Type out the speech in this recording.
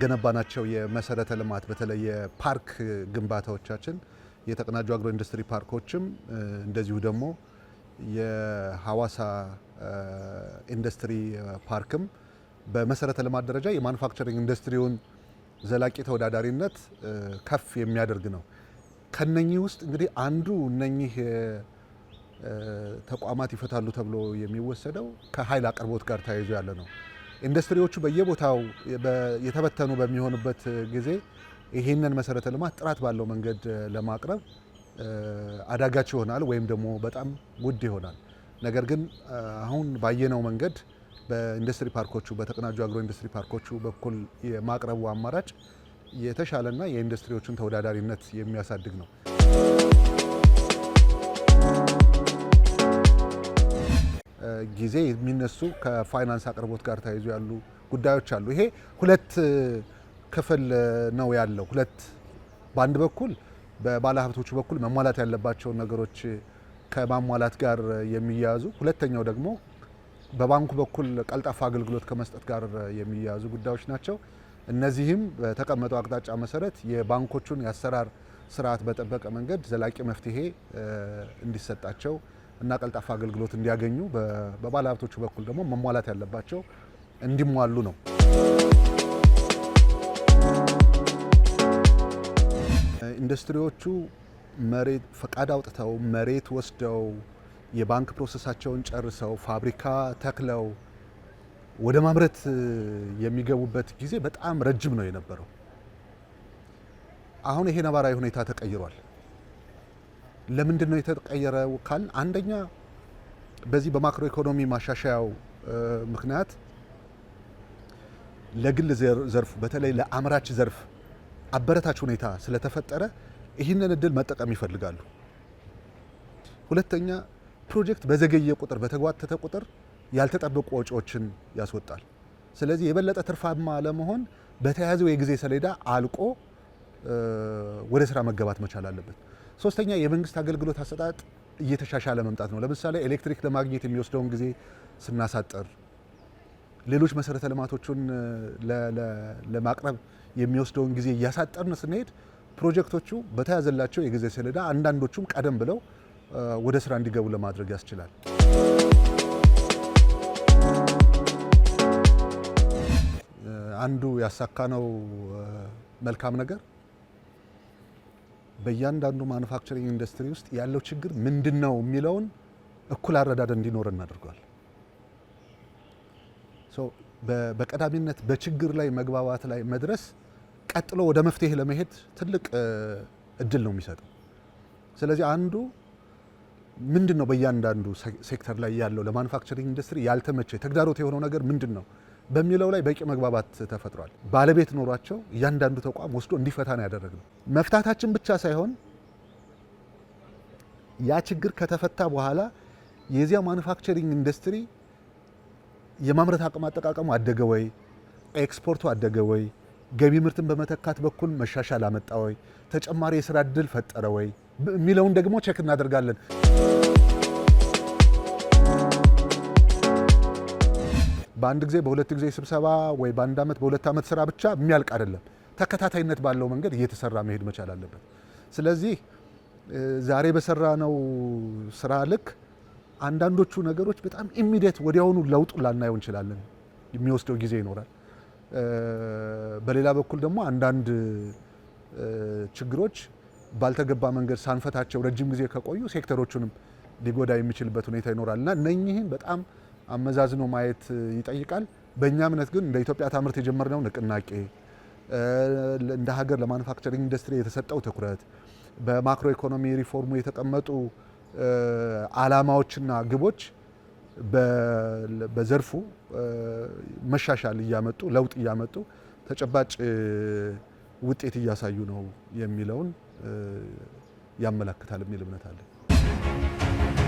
የገነባናቸው የመሰረተ ልማት በተለይ የፓርክ ግንባታዎቻችን የተቀናጁ አግሮ ኢንዱስትሪ ፓርኮችም እንደዚሁ ደግሞ የሀዋሳ ኢንዱስትሪ ፓርክም በመሰረተ ልማት ደረጃ የማኑፋክቸሪንግ ኢንዱስትሪውን ዘላቂ ተወዳዳሪነት ከፍ የሚያደርግ ነው። ከነኚህ ውስጥ እንግዲህ አንዱ እነኚህ ተቋማት ይፈታሉ ተብሎ የሚወሰደው ከኃይል አቅርቦት ጋር ተያይዞ ያለ ነው። ኢንዱስትሪዎቹ በየቦታው የተበተኑ በሚሆኑበት ጊዜ ይህንን መሰረተ ልማት ጥራት ባለው መንገድ ለማቅረብ አዳጋች ይሆናል ወይም ደግሞ በጣም ውድ ይሆናል። ነገር ግን አሁን ባየነው መንገድ በኢንዱስትሪ ፓርኮቹ በተቀናጁ አግሮ ኢንዱስትሪ ፓርኮቹ በኩል የማቅረቡ አማራጭ የተሻለና የኢንዱስትሪዎቹን ተወዳዳሪነት የሚያሳድግ ነው። ጊዜ የሚነሱ ከፋይናንስ አቅርቦት ጋር ተያይዞ ያሉ ጉዳዮች አሉ። ይሄ ሁለት ክፍል ነው ያለው። ሁለት በአንድ በኩል በባለሀብቶቹ በኩል መሟላት ያለባቸውን ነገሮች ከማሟላት ጋር የሚያያዙ፣ ሁለተኛው ደግሞ በባንኩ በኩል ቀልጣፋ አገልግሎት ከመስጠት ጋር የሚያያዙ ጉዳዮች ናቸው። እነዚህም በተቀመጠው አቅጣጫ መሰረት የባንኮቹን የአሰራር ስርዓት በጠበቀ መንገድ ዘላቂ መፍትሄ እንዲሰጣቸው እና ቀልጣፋ አገልግሎት እንዲያገኙ በባለሀብቶቹ በኩል ደግሞ መሟላት ያለባቸው እንዲሟሉ ነው። ኢንዱስትሪዎቹ መሬት ፈቃድ አውጥተው መሬት ወስደው የባንክ ፕሮሰሳቸውን ጨርሰው ፋብሪካ ተክለው ወደ ማምረት የሚገቡበት ጊዜ በጣም ረጅም ነው የነበረው። አሁን ይሄ ነባራዊ ሁኔታ ተቀይሯል። ለምንድን ነው የተቀየረው ካል አንደኛ በዚህ በማክሮ ኢኮኖሚ ማሻሻያው ምክንያት ለግል ዘርፍ በተለይ ለአምራች ዘርፍ አበረታች ሁኔታ ስለተፈጠረ ይህንን እድል መጠቀም ይፈልጋሉ። ሁለተኛ ፕሮጀክት በዘገየ ቁጥር በተጓተተ ቁጥር ያልተጠበቁ ወጪዎችን ያስወጣል። ስለዚህ የበለጠ ትርፋማ ለመሆን በተያያዘው የጊዜ ሰሌዳ አልቆ ወደ ስራ መገባት መቻል አለበት። ሶስተኛ የመንግስት አገልግሎት አሰጣጥ እየተሻሻለ መምጣት ነው። ለምሳሌ ኤሌክትሪክ ለማግኘት የሚወስደውን ጊዜ ስናሳጥር፣ ሌሎች መሰረተ ልማቶቹን ለማቅረብ የሚወስደውን ጊዜ እያሳጠርን ስንሄድ ፕሮጀክቶቹ በተያዘላቸው የጊዜ ሰሌዳ አንዳንዶቹም ቀደም ብለው ወደ ስራ እንዲገቡ ለማድረግ ያስችላል። አንዱ ያሳካነው መልካም ነገር በእያንዳንዱ ማኑፋክቸሪንግ ኢንዱስትሪ ውስጥ ያለው ችግር ምንድን ነው የሚለውን እኩል አረዳድ እንዲኖረን እናደርገዋል። በቀዳሚነት በችግር ላይ መግባባት ላይ መድረስ ቀጥሎ ወደ መፍትሄ ለመሄድ ትልቅ እድል ነው የሚሰጠው። ስለዚህ አንዱ ምንድን ነው በእያንዳንዱ ሴክተር ላይ ያለው ለማኑፋክቸሪንግ ኢንዱስትሪ ያልተመቸ ተግዳሮት የሆነው ነገር ምንድን ነው በሚለው ላይ በቂ መግባባት ተፈጥሯል። ባለቤት ኖሯቸው እያንዳንዱ ተቋም ወስዶ እንዲፈታ ነው ያደረግነው። መፍታታችን ብቻ ሳይሆን ያ ችግር ከተፈታ በኋላ የዚያ ማኑፋክቸሪንግ ኢንዱስትሪ የማምረት አቅም አጠቃቀሙ አደገ ወይ፣ ኤክስፖርቱ አደገ ወይ፣ ገቢ ምርትን በመተካት በኩል መሻሻል አመጣ ወይ፣ ተጨማሪ የስራ እድል ፈጠረ ወይ የሚለውን ደግሞ ቼክ እናደርጋለን። በአንድ ጊዜ በሁለት ጊዜ ስብሰባ ወይ በአንድ ዓመት በሁለት ዓመት ስራ ብቻ የሚያልቅ አይደለም። ተከታታይነት ባለው መንገድ እየተሰራ መሄድ መቻል አለበት። ስለዚህ ዛሬ በሰራነው ስራ ልክ አንዳንዶቹ ነገሮች በጣም ኢሚዲየት ወዲያውኑ ለውጡ ላናየው እንችላለን። የሚወስደው ጊዜ ይኖራል። በሌላ በኩል ደግሞ አንዳንድ ችግሮች ባልተገባ መንገድ ሳንፈታቸው ረጅም ጊዜ ከቆዩ ሴክተሮቹንም ሊጎዳ የሚችልበት ሁኔታ ይኖራል እና እነኚህን በጣም አመዛዝኖ ማየት ይጠይቃል። በእኛ እምነት ግን እንደ ኢትዮጵያ ታምርት የጀመርነው ንቅናቄ፣ እንደ ሀገር ለማኑፋክቸሪንግ ኢንዱስትሪ የተሰጠው ትኩረት፣ በማክሮ ኢኮኖሚ ሪፎርሙ የተቀመጡ አላማዎችና ግቦች በዘርፉ መሻሻል እያመጡ ለውጥ እያመጡ ተጨባጭ ውጤት እያሳዩ ነው የሚለውን ያመለክታል የሚል እምነት አለን።